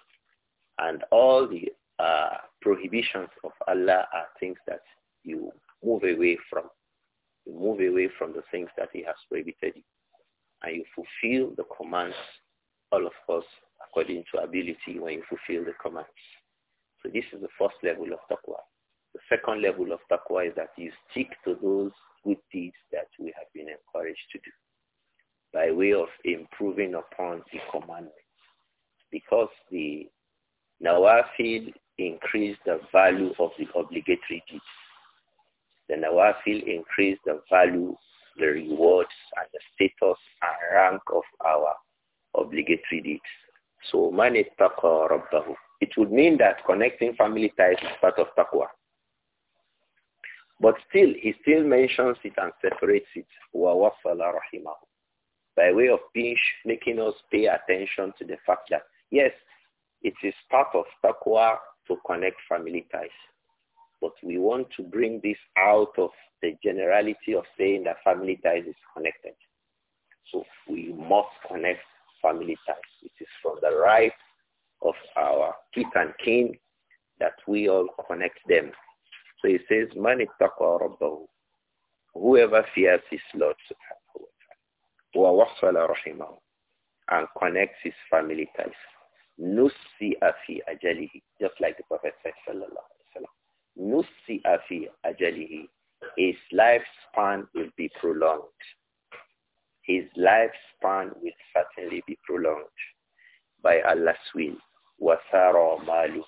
And all the uh, prohibitions of Allah are things that you move away from. You move away from the things that he has prohibited you. And you fulfill the commands, all of us, according to ability when you fulfill the commands. So this is the first level of taqwa. The second level of taqwa is that you stick to those good deeds that we have been encouraged to do by way of improving upon the command, Because the nawafil increased the value of the obligatory deeds. The nawafil increased the value, the rewards, and the status and rank of our obligatory deeds. So man ittaqa rabbahu. It would mean that connecting family ties is part of taqwa. But still, he still mentions it and separates it. Wa رَحِمَهُ by way of being, making us pay attention to the fact that, yes, it is part of taqwa to connect family ties. But we want to bring this out of the generality of saying that family ties is connected. So we must connect family ties. It is from the right of our kith and kin that we all connect them. So he says, Man taqwa rabbahu. Whoever fears his Lord subhanahu وَوَصَّلَ رَحِمَهُ and connects his family ties. Nussi'a afi ajalihi, just like the Prophet said, sallallahu afi wa ajalihi, his lifespan will be prolonged. His lifespan will certainly be prolonged by Allah's will. وَسَارَ مَالُهُ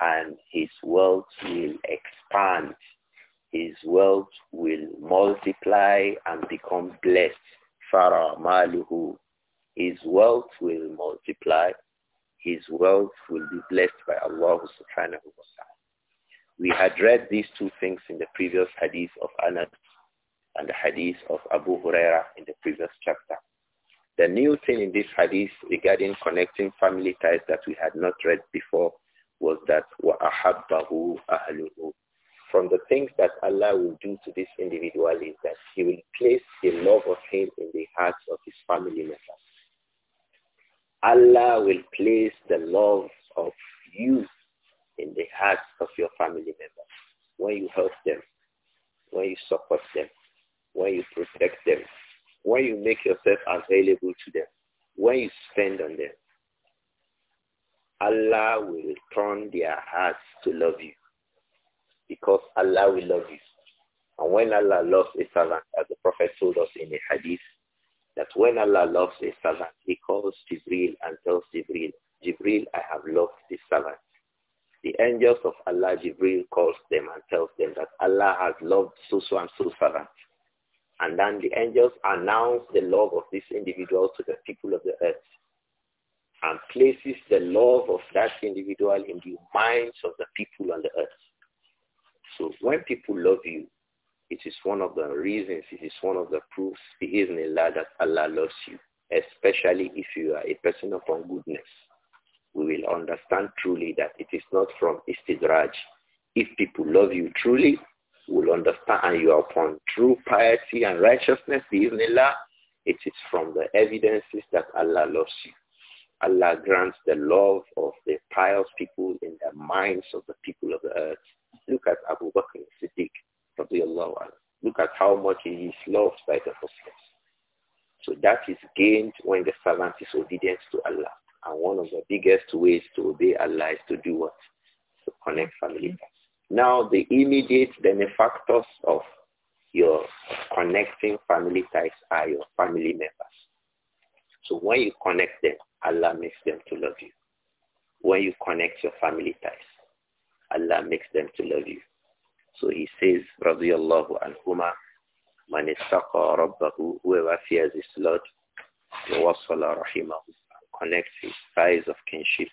And his wealth will expand his wealth will multiply and become blessed. Farah maluhu. His wealth will multiply. His wealth will be blessed by Allah subhanahu wa ta'ala. We had read these two things in the previous hadith of Anas and the hadith of Abu Huraira in the previous chapter. The new thing in this hadith regarding connecting family ties that we had not read before was that wa وَأَحَبَّهُ أَهْلُهُ from the things that Allah will do to this individual is that he will place the love of him in the hearts of his family members. Allah will place the love of you in the hearts of your family members when you help them, when you support them, when you protect them, when you make yourself available to them, when you spend on them. Allah will turn their hearts to love you because Allah will love you. And when Allah loves a servant, as the Prophet told us in a hadith, that when Allah loves a servant, he calls Jibril and tells Jibril, Jibril, I have loved this servant. The angels of Allah, Jibril calls them and tells them that Allah has loved so, so and so servant. And then the angels announce the love of this individual to the people of the earth and places the love of that individual in the minds of the people on the earth. So when people love you, it is one of the reasons, it is one of the proofs, bi'iznillah, that Allah loves you, especially if you are a person upon goodness. We will understand truly that it is not from istidraj. If people love you truly, will understand and you are upon true piety and righteousness, it is from the evidences that Allah loves you. Allah grants the love of the pious people in the minds of the people of the earth Look at Abu Bakr Siddiq, look at how much he is loved by the Muslims. So that is gained when the servant is obedient to Allah. And one of the biggest ways to obey Allah is to do what? To connect family ties. Now the immediate benefactors of your connecting family ties are your family members. So when you connect them, Allah makes them to love you. When you connect your family ties, Allah makes them to love you. So he says, radiyallahu anhuma, man istaqa rabbahu, whoever fears his Lord, wasala rahimahu, connects his ties of kinship,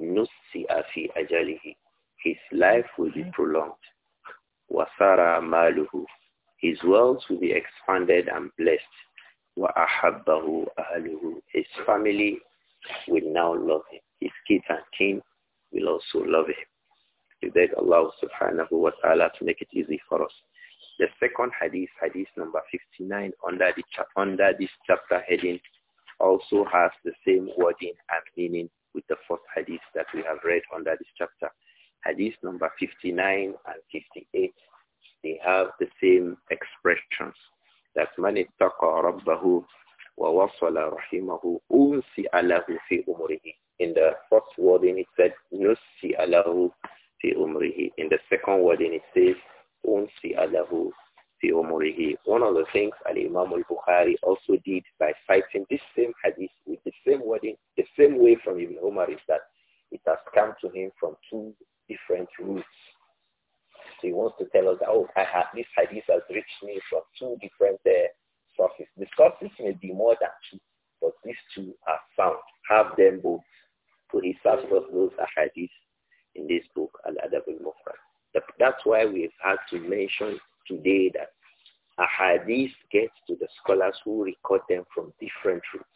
nussi'a fi ajalihi, his life will be mm-hmm. prolonged. Wasara maluhu, his wealth will be expanded and blessed. Wa ahabbahu ahluhu, his family will now love him. His kids and kin will also love him. We beg Allah subhanahu wa ta'ala to make it easy for us. The second hadith, hadith number 59 under, the, under this chapter heading, also has the same wording and meaning with the first hadith that we have read under this chapter. Hadith number 59 and 58, they have the same expressions. That man ittaqa rabbahu wa wasala rahimahu unsi alahu fi umrihi. In the first wording it said, nussi alahu fi umrihi. In the second wording it says, unsi um alahu fi umrihi. One of the things Al-Imam al-Bukhari also did by citing this same hadith with the same wording, the same way from Ibn Umar is that it has come to him from two different routes. So he wants to tell us, oh, have, this hadith has reached me from two different uh, sources. The sources may be more than two, but these two are found. Have them both. So he serves us those hadiths in this book, Al-Adab al-Mufrad. That's why we've had to mention today that hadith gets to the scholars who record them from different routes.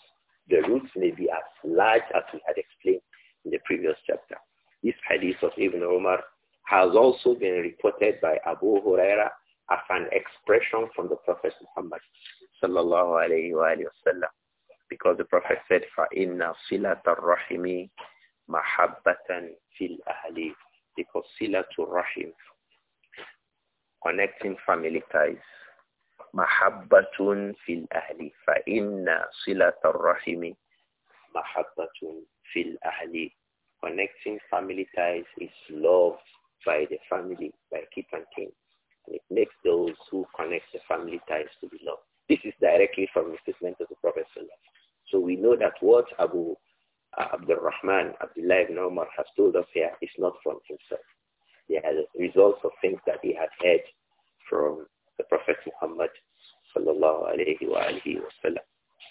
The routes may be as large as we had explained in the previous chapter. This hadith of Ibn Umar has also been reported by Abu Huraira as an expression from the Prophet Muhammad sallallahu alayhi wa, alayhi wa sallam because the Prophet said, فَإِنَّ صِلَةَ الرَّحِمِ mahabbatan fil ahli because silatu rahim connecting family ties mahabbatun fil ahli fa inna silata rahimi mahabbatun fil ahli connecting family ties is loved by the family by kith and kin and it makes those who connect the family ties to be loved this is directly from the statement of the prophet so we know that what abu Abdul Rahman, Abdullah ibn Umar has told us here is not from himself. He has the results of things that he had heard from the Prophet Muhammad sallallahu alayhi wa alihi wasallam.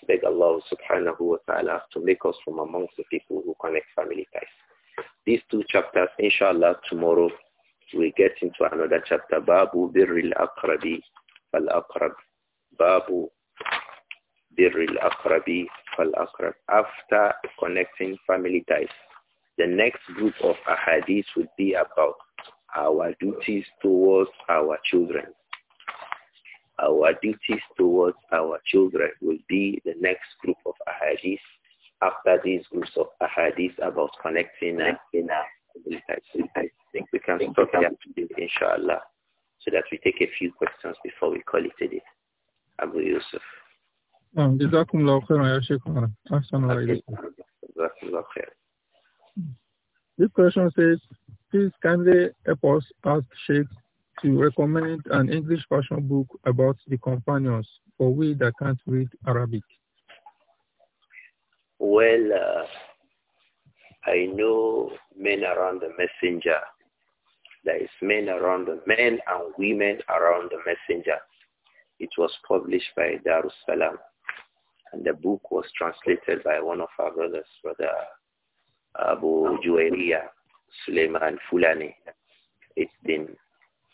Beg Allah subhanahu wa ta'ala to make us from amongst the people who connect family ties. These two chapters, inshallah, tomorrow we get into another chapter, Babu Birril Akrabi Fal Akrab. Babu Birril Akrabi al-akhrat after connecting family ties. The next group of ahadith would be about our duties towards our children. Our duties towards our children will be the next group of ahadith after these groups of ahadith about connecting in family ties. I think we can stop here today, inshallah, so that we take a few questions before we call it a day. Abu Yusuf. نعم جزاكم الله خيرا يا شيخ عمر أحسن الله إليكم جزاكم الله خير This question says, please kindly help us ask Sheikh to recommend an English fashion book about the companions for we that can't read Arabic. Well, uh, I know men around the messenger. There is men around the men and women around the messenger. It was published by Darussalam. And the book was translated by one of our brothers, Brother Abu Juwairiya Suleiman Fulani. It's been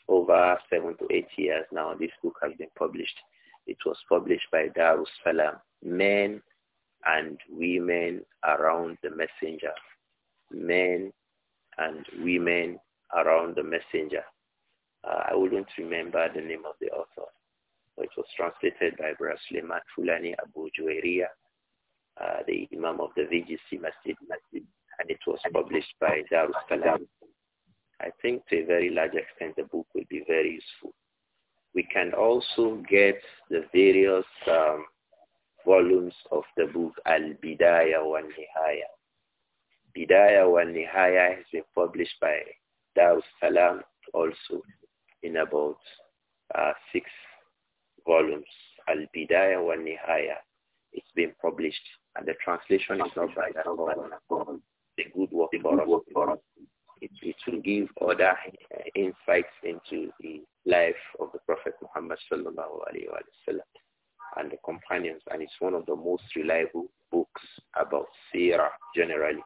over seven to eight years now. This book has been published. It was published by Darus Salam. Men and women around the messenger. Men and women around the messenger. Uh, I wouldn't remember the name of the author. It was translated by Brother Suleiman Fulani Abu Juwairia, uh, the Imam of the VGC Masjid Masjid, and it was published by Darus Salam. I think to a very large extent the book will be very useful. We can also get the various um, volumes of the book Al-Bidaya wa Nihaya. Bidaya wa Nihaya has been published by Darus Salam also in about uh, six volumes, al Bidaya wa Nihaya. It's been published and the translation is not by that The good work for us. It, it will give other uh, insights into the life of the Prophet Muhammad sallallahu alaihi wasallam and the companions, and it's one of the most reliable books about Sirah generally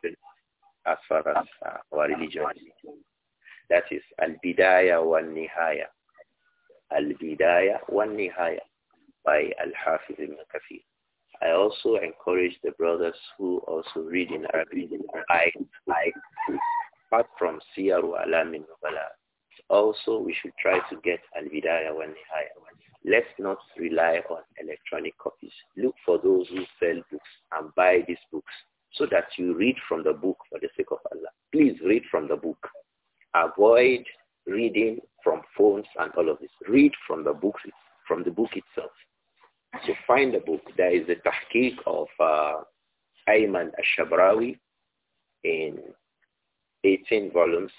as far as uh, our religion. That is Bidaya wa Nihaya al Bidaya wa Nihaya by Al-Hafiz ibn Kafir. I also encourage the brothers who also read in Arabic. I, like, apart from Siyaru Alamin Nubala, also we should try to get al Bidaya wa Nihaya. Let's not rely on electronic copies. Look for those who sell books and buy these books so that you read from the book for the sake of Allah. Please read from the book. Avoid reading from phones and all of this. Read from the books, from the book itself. So find the book. There is a tahqiq of uh, Ayman al-Shabrawi in 18 volumes.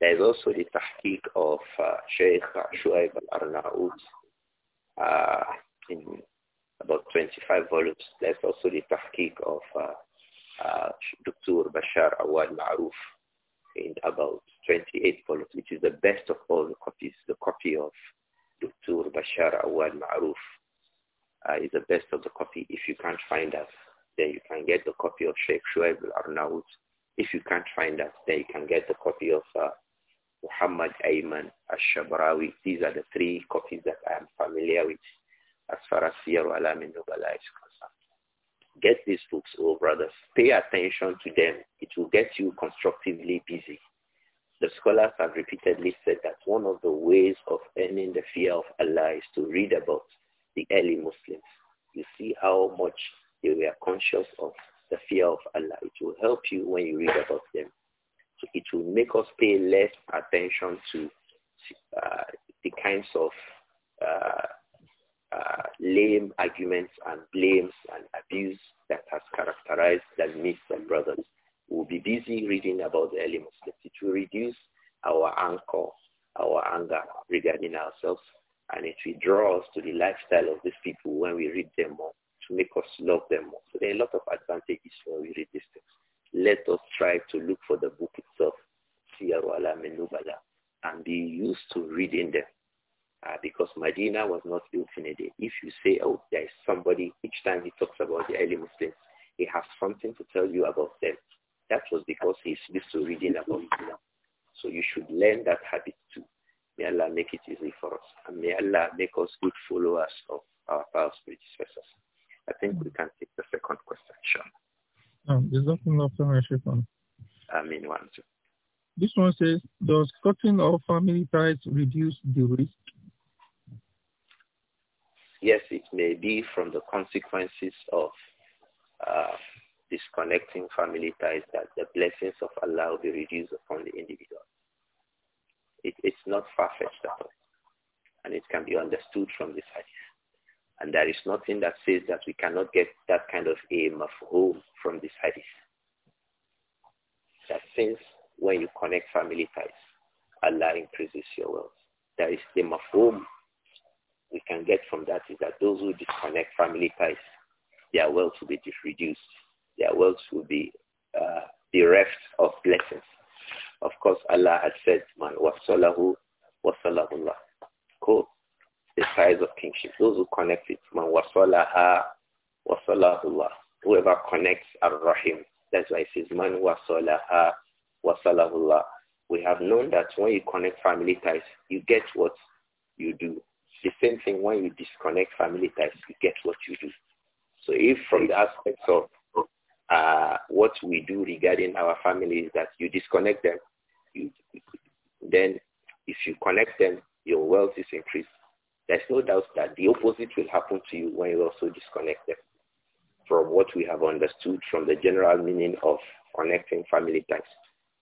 There is also the tahqiq of uh, Sheikh Shuaib al-Arnaout uh, in about 25 volumes. There's also the tahqiq of uh, uh, Dr. Bashar Awad Maruf in about 28 volumes, which is the best of all the copies, the copy of Dr. Bashar Awad Ma'ruf. Uh, is the best of the copy. If you can't find us, then you can get the copy of Sheikh Shoaib al-Arnaud. If you can't find us, then you can get the copy of uh, Muhammad Ayman al-Shabrawi. These are the three copies that I am familiar with as far as Sierra Alam and Nubala is concerned. Get these books, oh brothers. Pay attention to them. It will get you constructively busy. The scholars have repeatedly said that one of the ways of earning the fear of Allah is to read about the early Muslims. You see how much they were conscious of the fear of Allah. It will help you when you read about them. So it will make us pay less attention to uh, the kinds of uh, uh, lame arguments and blames and abuse that has characterized the myths and brothers. We'll be busy reading about the early Muslims. It will reduce our anchor, our anger regarding ourselves, and it will draw us to the lifestyle of these people when we read them more, to make us love them more. So there are a lot of advantages when we read these things. Let us try to look for the book itself, Siyaru menubala, and be used to reading them. Uh, because Medina was not built in a day. If you say, oh, there is somebody, each time he talks about the early Muslims, he has something to tell you about them. That was because he's used to reading about Islam. So you should learn that habit too. May Allah make it easy for us. And may Allah make us good followers of our past predecessors. I think we can take the second question, Sean. I mean one, two. This one says, does cutting off family ties reduce the risk? Yes, it may be from the consequences of uh, disconnecting family ties that the blessings of Allah will be reduced upon the individual. It, it's not far-fetched at all. And it can be understood from this hadith. And there is nothing that says that we cannot get that kind of a mafhum from this hadith. That since when you connect family ties, Allah increases your wealth. There is the mafhum we can get from that is that those who disconnect family ties, their wealth will be reduced their wealth will be uh, bereft of blessings. Of course, Allah had said, man wasalahu wasalahullah. Cool. The prize of kingship. Those who connect it, man wasalaha wasalahullah. Whoever connects ar-Rahim. That's why it says, man wasalaha wasalahullah. We have known that when you connect family ties, you get what you do. The same thing when you disconnect family ties, you get what you do. So if from the aspects of uh, what we do regarding our family is that you disconnect them. You, then if you connect them, your wealth is increased. There's no doubt that the opposite will happen to you when you also disconnect them from what we have understood from the general meaning of connecting family ties.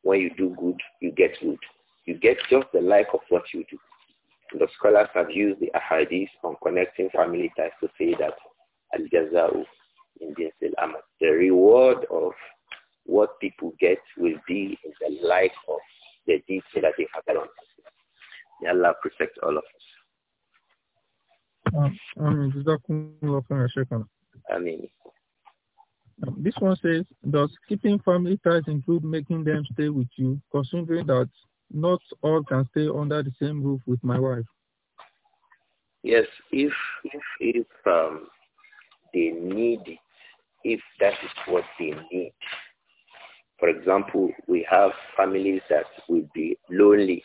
When you do good, you get good. You get just the like of what you do. the scholars have used the ahadith on connecting family ties to say that al-jaza'u in al amal the reward of what people get will be in the light of the deeds that they have done. May Allah protect all of us. Um, Amen. This one says, does keeping family ties include making them stay with you, considering that not all can stay under the same roof with my wife? Yes, if if, if um, they need it if that is what they need. For example, we have families that will be lonely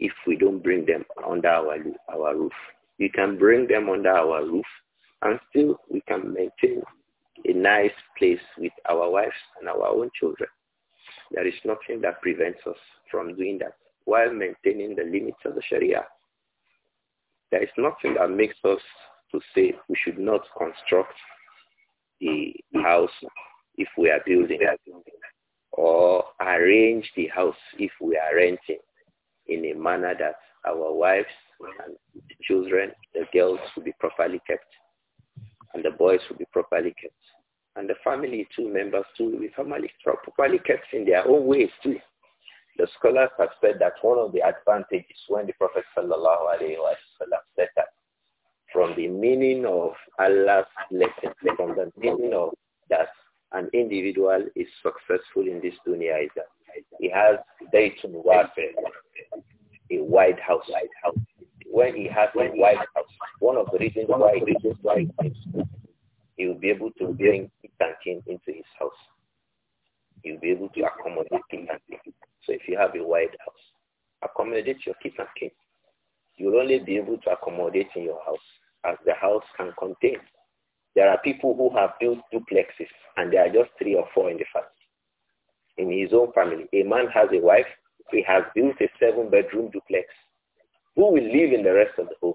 if we don't bring them under our, our roof. We can bring them under our roof and still we can maintain a nice place with our wives and our own children. There is nothing that prevents us from doing that while maintaining the limits of the Sharia. There is nothing that makes us to say we should not construct the house if we are building or arrange the house if we are renting in a manner that our wives and children, the girls will be properly kept and the boys will be properly kept. And the family, two members too, will be family properly kept in their own ways too. The scholars have said that one of the advantages when the Prophet Sallallahu Alaihi Wasallam said that from the meaning of Allah's blessing, from the meaning of that an individual is successful in this dunya is that he has Dayton warfare, a wide house. When he has a wide house, one of the reasons why he will be able to bring king into his house. He will be able to accommodate king and king. So if you have a wide house, accommodate your king and king. You'll only be able to accommodate in your house as the house can contain. There are people who have built duplexes and there are just three or four in the family. In his own family, a man has a wife, he has built a seven-bedroom duplex. Who will live in the rest of the home?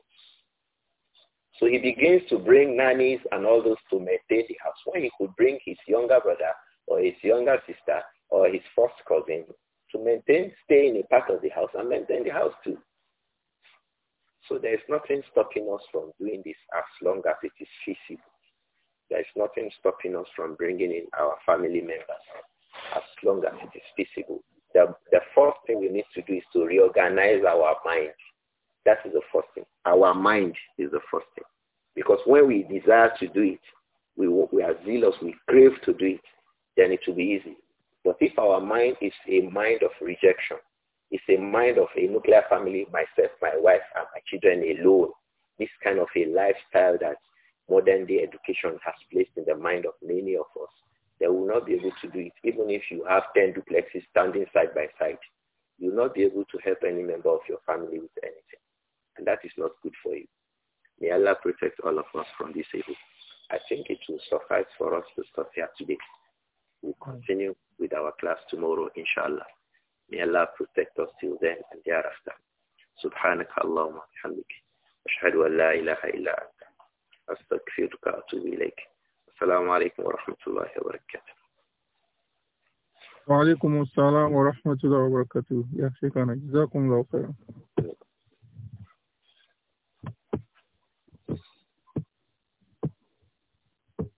So he begins to bring nannies and all those to maintain the house. When he could bring his younger brother or his younger sister or his first cousin to maintain, stay in a part of the house and maintain the house too. So there is nothing stopping us from doing this as long as it is feasible. There is nothing stopping us from bringing in our family members as long as it is feasible. The, the first thing we need to do is to reorganize our mind. That is the first thing. Our mind is the first thing. Because when we desire to do it, we, we are zealous, we crave to do it, then it will be easy. But if our mind is a mind of rejection, it's a mind of a nuclear family, myself, my wife, and my children alone. This kind of a lifestyle that modern day education has placed in the mind of many of us. They will not be able to do it, even if you have 10 duplexes standing side by side. You will not be able to help any member of your family with anything. And that is not good for you. May Allah protect all of us from this evil. I think it will suffice for us to stop here today. We'll continue with our class tomorrow, inshallah. May Allah protect us till then and thereafter. Allahumma bihamdika. Ashhadu an la ilaha illa Assalamu alaykum wa rahmatullahi wa barakatuh. وعليكم السلام ورحمة الله وبركاته يا شيخنا